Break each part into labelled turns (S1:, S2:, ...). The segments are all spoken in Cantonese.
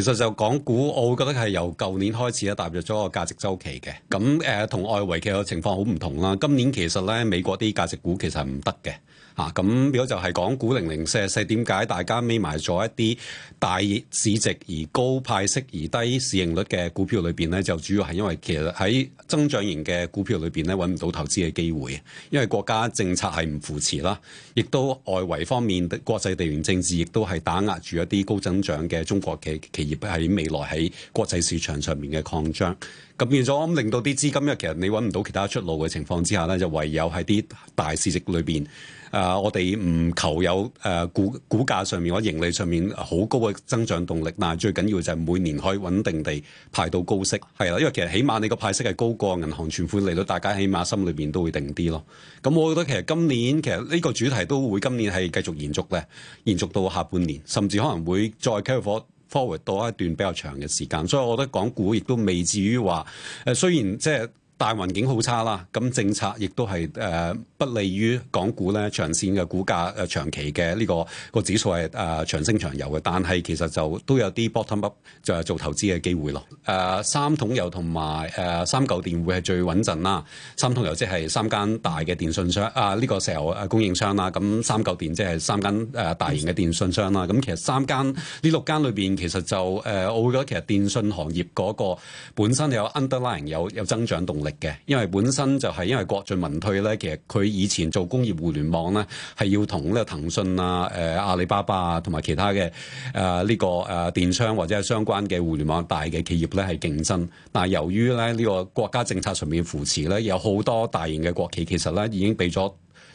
S1: 其實就港股，我會覺得係由舊年開始咧踏入咗個價值周期嘅。咁誒，呃、外圍同外圍嘅個情況好唔同啦。今年其實咧，美國啲價值股其實係唔得嘅。啊，咁如果就係講股零零四四，點解大家咪埋咗一啲大市值而高派息而低市盈率嘅股票裏邊呢？就主要係因為其實喺增長型嘅股票裏邊咧，揾唔到投資嘅機會，因為國家政策係唔扶持啦，亦都外圍方面國際地緣政治亦都係打壓住一啲高增長嘅中國嘅企業喺未來喺國際市場上面嘅擴張。咁變咗，令到啲資金，因為其實你揾唔到其他出路嘅情況之下咧，就唯有喺啲大市值裏邊。誒、呃，我哋唔求有誒、呃、股股價上面或者盈利上面好高嘅增長動力，但係最緊要就係每年可以穩定地派到高息，係啦。因為其實起碼你個派息係高過銀行存款利率，大家起碼心裏邊都會定啲咯。咁我覺得其實今年其實呢個主題都會今年係繼續延續嘅，延續到下半年，甚至可能會再開火。forward 多一段比較長嘅時間，所以我覺得港股亦都未至於話，誒、呃、雖然即係。呃大環境好差啦，咁政策亦都係誒不利於港股咧長線嘅股價誒、呃、長期嘅呢、這個、這個指數係誒、呃、長升長有嘅，但係其實就都有啲 bottom up 就係做投資嘅機會咯。誒、呃、三桶油同埋誒三舊電會係最穩陣啦。三桶油即係三間大嘅電信商啊，呢、這個石油誒供應商啦。咁三舊電即係三間誒、呃、大型嘅電信商啦。咁、嗯、其實三間呢六間裏邊其實就誒、呃，我會覺得其實電信行業嗰個本身有 underlying 有有增長動力。嘅，因為本身就係因為國進民退咧，其實佢以前做工業互聯網咧，係要同呢個騰訊啊、誒、呃、阿里巴巴啊，同埋其他嘅誒呢個誒、呃、電商或者係相關嘅互聯網大嘅企業咧係競爭。但係由於咧呢、個國家政策上面扶持咧，有好多大型嘅國企其實咧已經俾咗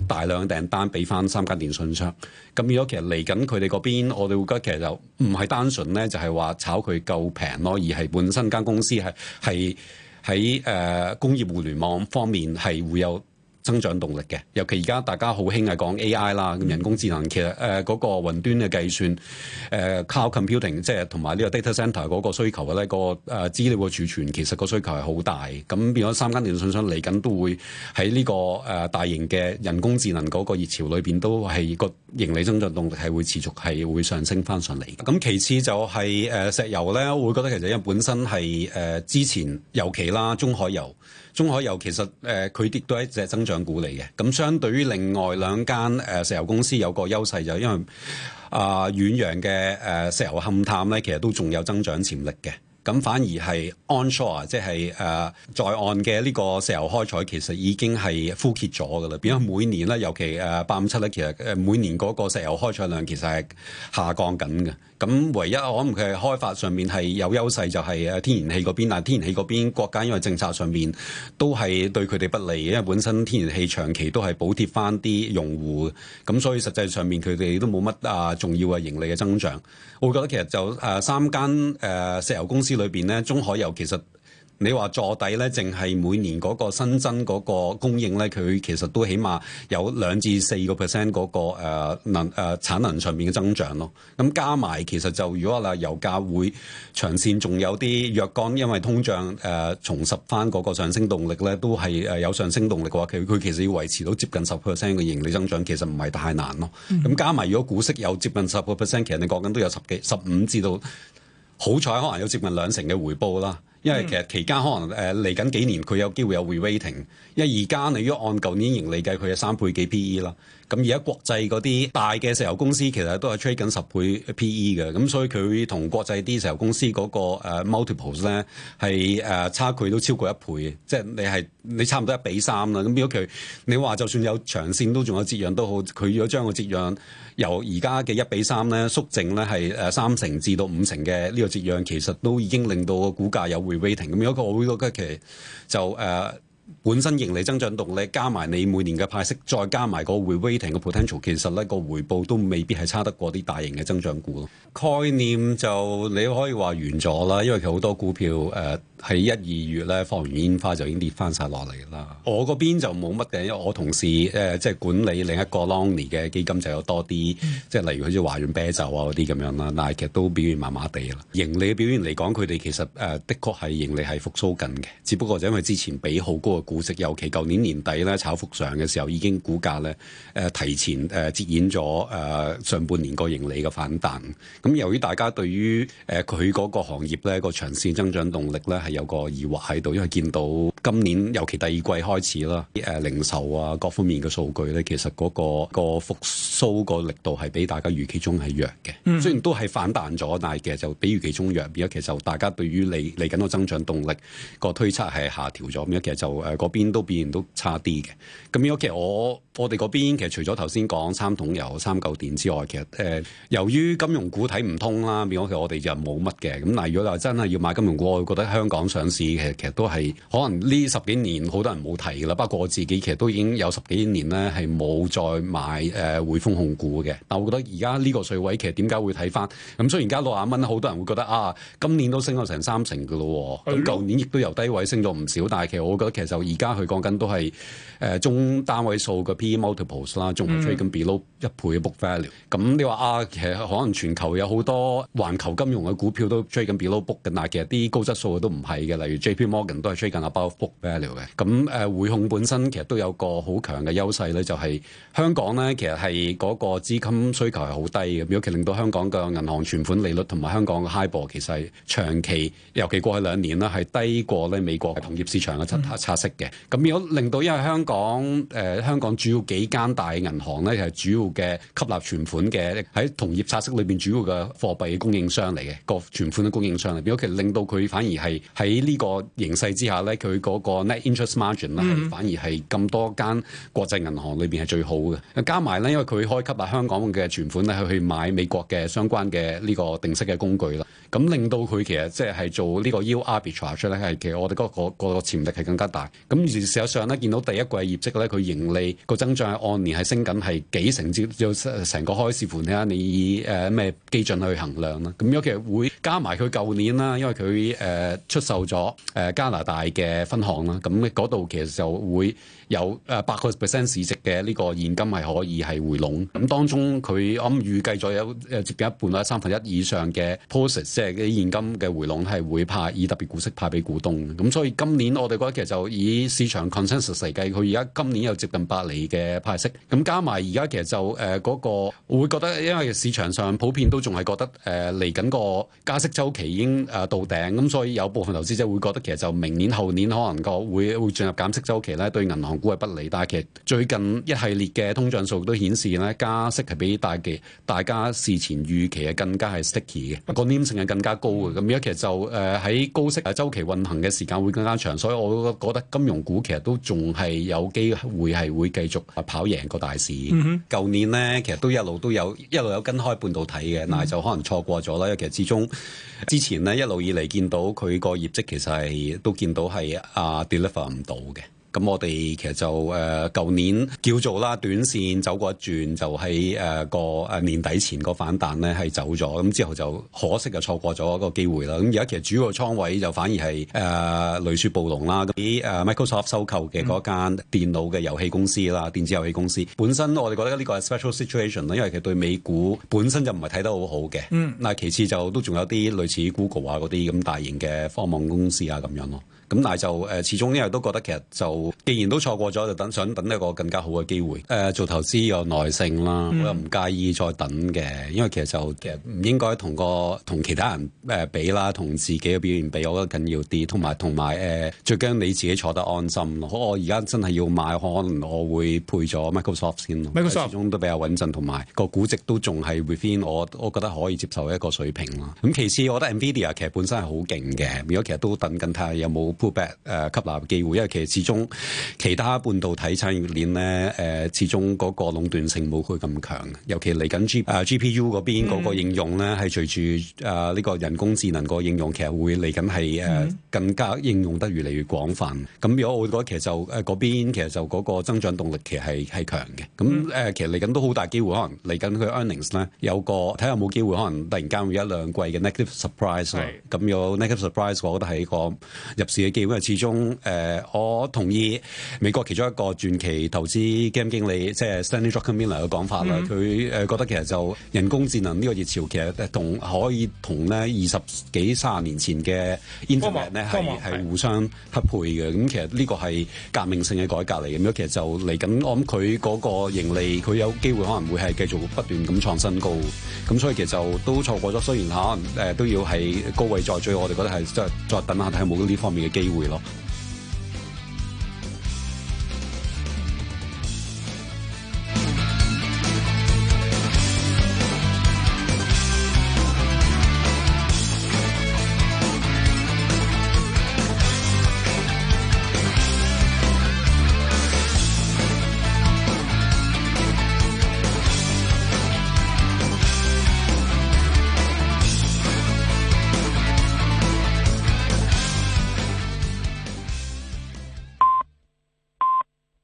S1: 大量嘅訂單俾翻三間電信商。咁如果其實嚟緊佢哋嗰邊，我哋會覺得其實就唔係單純咧就係、是、話炒佢夠平咯，而係本身間公司係係。喺誒工業互聯網方面係會有。增長動力嘅，尤其而家大家好興係講 AI 啦，人工智能其實誒、呃嗰個雲端嘅計算誒、呃、cloud computing，即係同埋呢個 data centre 嗰個需求咧，個誒資料嘅儲存，其實個需求係好大，咁變咗三間電信商嚟緊都會喺呢個誒大型嘅人工智能個熱潮裏邊都係個盈利增長動力係會持續，係會上升翻上嚟。咁其次就係誒石油咧，我會覺得其實因為本身係誒之前油企啦，中海油，中海油其實誒佢亦都係一隻增長。上嚟嘅，咁相對於另外兩間誒石油公司有個優勢，就因為啊遠洋嘅誒石油勘探咧，其實都仲有增長潛力嘅。咁反而係 onshore 即係誒在岸嘅呢個石油開採，其實已經係枯竭咗㗎啦。變咗每年咧，尤其誒八五七咧，其實誒每年嗰個石油開採量其實係下降緊嘅。咁唯一可能佢係開發上面係有優勢，就係誒天然氣嗰邊，但係天然氣嗰邊國家因為政策上面都係對佢哋不利，因為本身天然氣長期都係補貼翻啲用戶，咁所以實際上面佢哋都冇乜啊重要嘅盈利嘅增長。我覺得其實就誒、啊、三間誒、啊、石油公司裏邊咧，中海油其實。你話坐底咧，淨係每年嗰個新增嗰個供應咧，佢其實都起碼有兩至四個 percent 嗰個能誒產能上面嘅增長咯。咁加埋其實就如果話啦，油價會長線仲有啲若干，因為通脹誒、呃、重拾翻嗰個上升動力咧，都係誒有上升動力嘅話，佢佢其實要維持到接近十 percent 嘅盈利增長，其實唔係太難咯。咁、嗯、加埋如果股息有接近十個 percent，其實你講緊都有十幾十五至到好彩，可能有接近兩成嘅回報啦。因為其實期間可能誒嚟緊幾年，佢有機會有 re-rating。因為而家你如果按舊年盈利計，佢係三倍幾 PE 啦。咁而家國際嗰啲大嘅石油公司其實都係 trade 緊十倍 PE 嘅。咁所以佢同國際啲石油公司嗰個 multiples 咧係誒差距都超過一倍嘅，即係你係你差唔多一比三啦。咁如果佢你話就算有長線都仲有折讓都好，佢如果將個折讓由而家嘅一比三咧縮剩咧係誒三成至到五成嘅呢個折讓，其實都已經令到個股價有回。咁有一個我會覺得其實就誒。Uh 本身盈利增長動力加埋你每年嘅派息，再加埋個 rewarding 嘅 potential，其實呢個回報都未必係差得過啲大型嘅增長股咯。概念就你可以話完咗啦，因為佢好多股票誒喺一二月咧放完煙花就已經跌翻晒落嚟啦。我嗰邊就冇乜嘅，因為我同事誒即係管理另一個 long only 嘅基金就有多啲，即係例如好似華潤啤酒啊嗰啲咁樣啦，但係其實都表現麻麻地啦。盈利嘅表現嚟講，佢哋其實誒、呃、的確係盈利係復蘇緊嘅，只不過就因為之前比好高。個股息尤其舊年年底咧炒幅上嘅時候，已經股價咧誒提前誒折現咗誒上半年個盈利嘅反彈。咁由於大家對於誒佢嗰個行業咧個長線增長動力咧係有個疑惑喺度，因為見到今年尤其第二季開始啦，誒零售啊各方面嘅數據咧，其實嗰個個復甦個力度係比大家預期中係弱嘅。雖然都係反彈咗，但係其實就比預期中弱。而家其實大家對於嚟嚟緊個增長動力個推測係下調咗。而家其實就。誒嗰、啊、邊都表現都差啲嘅，咁因為其實我我哋嗰邊其實除咗頭先講三桶油三嚿電之外，其實誒、呃、由於金融股睇唔通啦，變咗其實我哋就冇乜嘅。咁嗱，如果話真係要買金融股，我會覺得香港上市其實其實都係可能呢十幾年好多人冇提啦。不過我自己其實都已經有十幾年呢係冇再買誒匯、呃、豐控股嘅。但我覺得而家呢個水位其實點解會睇返？咁、嗯、雖然而家六十蚊，好多人會覺得啊，今年都升咗成三成嘅咯喎。咁舊年亦都由低位升咗唔少，但係其實我覺得其實。就而家佢講緊都係誒、呃、中單位數嘅 PE multiples 啦，仲追緊 below、嗯、一倍嘅 book value。咁你話啊，其實可能全球有好多環球金融嘅股票都追緊 below book 嘅，但係其實啲高質素都唔係嘅，例如 JP Morgan 都係追緊 above book value 嘅。咁誒、呃、匯控本身其實都有個好強嘅優勢咧，就係香港咧其實係嗰個資金需求係好低嘅，尤其令到香港嘅銀行存款利率同埋香港嘅 HIBOR 其實長期尤其過去兩年啦係低過咧美國同業市場嘅嘅，咁如果令到，因為香港誒、呃、香港主要幾間大銀行咧，係主要嘅吸納存款嘅，喺同業拆息裏邊主要嘅貨幣供應商嚟嘅，個存款嘅供應商嚟，如果其實令到佢反而係喺呢個形勢之下咧，佢嗰個 net interest margin 咧，mm. 反而係咁多間國際銀行裏邊係最好嘅。加埋咧，因為佢可以吸納香港嘅存款咧，去去買美國嘅相關嘅呢個定息嘅工具啦，咁令到佢其實即係做呢個 yield arbitrage 咧，係其實我哋嗰、嗰個、嗰個潛力係更加大。咁而事實上咧，見到第一季業績咧，佢盈利個增長係按年係升緊，係幾成之有成個開市盤咧，你以誒咩、呃、基準去衡量啦？咁樣其實會加埋佢舊年啦，因為佢誒、呃、出售咗誒、呃、加拿大嘅分行啦，咁嗰度其實就會有誒百個 percent 市值嘅呢個現金係可以係回籠。咁、嗯、當中佢我諗預計咗有誒、呃、接近一半啦，三分一以上嘅 proceeds 即係啲現金嘅回籠係會派以特別股息派俾股東。咁、嗯、所以今年我哋覺得其實就以市場 consensus 嚟計，佢而家今年又接近百厘嘅派息，咁加埋而家其實就誒嗰、呃那個，我會覺得因為市場上普遍都仲係覺得誒嚟緊個加息周期已經誒、呃、到頂，咁所以有部分投資者會覺得其實就明年後年可能個會會進入減息周期咧，對銀行股係不利。但係其實最近一系列嘅通脹數都顯示咧，加息係比大嘅大家事前預期係更加係 sticky 嘅，個黏性係更加高嘅。咁而家其實就誒喺、呃、高息啊週期運行嘅時間會更加長，所以我覺得，金融股其實都仲係有機會係會繼續跑贏個大市。舊、mm hmm. 年呢，其實都一路都有一路有跟開半導體嘅，mm hmm. 但係就可能錯過咗啦。因為其實之中之前呢，一路以嚟見到佢個業績其實係都見到係啊、uh, deliver 唔到嘅。咁我哋其實就誒舊、呃、年叫做啦，短線走過一轉，就喺誒個誒年底前個反彈咧，係走咗。咁、嗯、之後就可惜就錯過咗嗰個機會啦。咁而家其實主要倉位就反而係誒、呃、雷雪暴龍啦，喺誒 Microsoft 收購嘅嗰間電腦嘅遊戲公司啦，嗯、電子遊戲公司本身我哋覺得呢個係 special situation 啦，因為其實對美股本身就唔係睇得好好嘅。嗯，嗱，其次就都仲有啲類似 Google 啊嗰啲咁大型嘅科網公司啊咁樣咯。咁但係就誒、呃，始終咧都覺得其實就，既然都錯過咗，就等想等一個更加好嘅機會。誒、呃，做投資有耐性啦，嗯、我又唔介意再等嘅，因為其實就其實唔應該同個同其他人誒比啦，同自己嘅表現比，我覺得緊要啲。同埋同埋誒，最驚你自己坐得安心咯。好，我而家真係要買，可能我會配咗 Mic Microsoft 先咯。Microsoft 始終都比較穩陣，同埋個估值都仲係 within 我，我覺得可以接受一個水平咯。咁其次，我覺得 Nvidia 其實本身係好勁嘅，如果其實都等緊睇下有冇。鋪白誒吸納機會，因為其實始終其他半導體產業鏈咧誒始終個壟斷性冇佢咁強，尤其嚟緊 G 啊、uh, GPU 邊個應用咧，係隨住誒呢個人工智能個應用，其實會嚟緊係誒更加應用得越嚟越廣泛。咁如果我覺得其實就誒邊其實就個增長動力其實係係強嘅。咁誒、嗯、其實嚟緊都好大機會可能嚟緊佢 earnings 咧有個睇下有冇機會可能突然間會一兩季嘅 negative surprise 是。咁、啊、有 negative surprise，我覺得係一個入市。嘅基本就始終誒、呃、我同意美國其中一個傳奇投資基金經理，即係 Stanley Druckenmiller、ok、嘅講法啦。佢誒、嗯、覺得其實就人工智能呢個熱潮，其實誒同可以同咧二十幾卅年前嘅 Internet 咧係係互相匹配嘅。咁、嗯、其實呢個係革命性嘅改革嚟咁樣。其實就嚟緊我諗佢嗰個盈利，佢有機會可能會係繼續不斷咁創新高。咁所以其實就都錯過咗。雖然可能誒、呃、都要係高位再追，我哋覺得係即係再等下睇冇呢方面嘅機會咯。